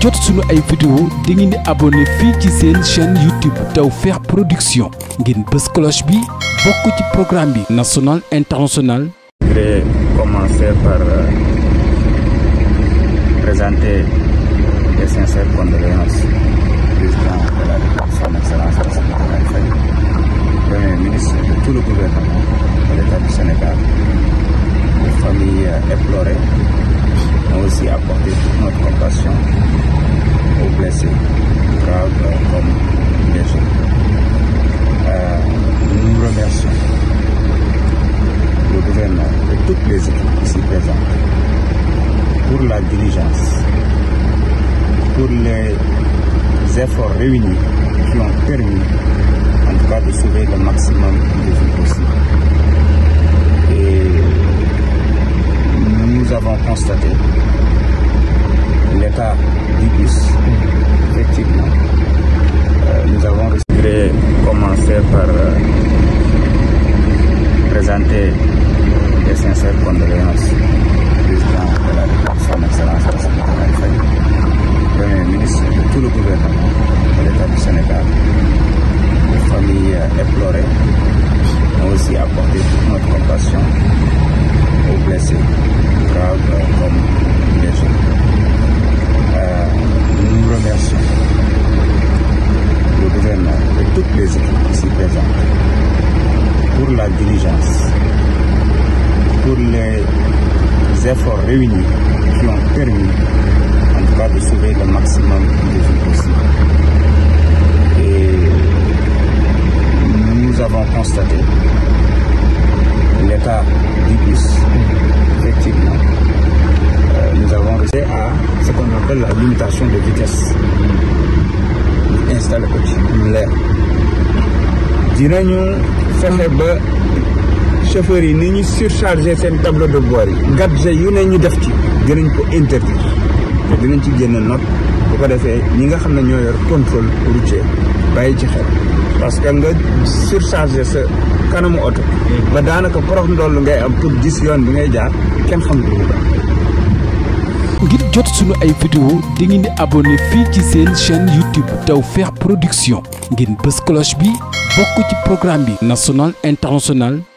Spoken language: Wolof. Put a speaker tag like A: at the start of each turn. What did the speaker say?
A: jot suñu ay vidéo da ngeen di abonné fii ci seen chaîne YouTube Tawfekh Production ngir bës cloche bi bokk ci programme bi national international.
B: Je voudrais commencer par euh, présenter les sincères condoléances du de la République, premier ministre de tout le gouvernement. nationale toutes les équipes ici présentes pour la diligence, pour les efforts réunis qui ont permis en tout cas de sauver le maximum de vies Et nous avons constaté l'état du bus. Effectivement, euh, nous avons commencé par euh, présenter déplorer, mais aussi apporter toute notre compassion aux blessés graves comme les autres. Euh, nous le gouvernement et toutes les équipes ici présentes pour la diligence, pour les efforts réunis qui ont permis en tout cas de sauver le maximum constaté l'état du bus, effectivement, euh, nous avons réussi à ce qu'on appelle la limitation de vitesse. ñu installé ko ci lu
C: dinañu fexe ba chauffeurs yi ni ñu surchargé seen tableau de bord yi. gadget yu ne ñu def ci. dinañ ko interdire te dinañ ci génn note bu ko defee ñi nga xam ne ñoo yor contrôle routier bàyyi ci xel. parce que nga surchargé sa kanamu oto. Mm-hmm. ba daanaka porox ndoll ngay am pour gis yoon bi ngay jaar kenn xam nga
A: ngir jot sunu ay vidéo di ngeen di abonné fii ci seen chaîne YouTube Tawfekh Production. ngeen bës cloche bi bokk ci programme bi. national international.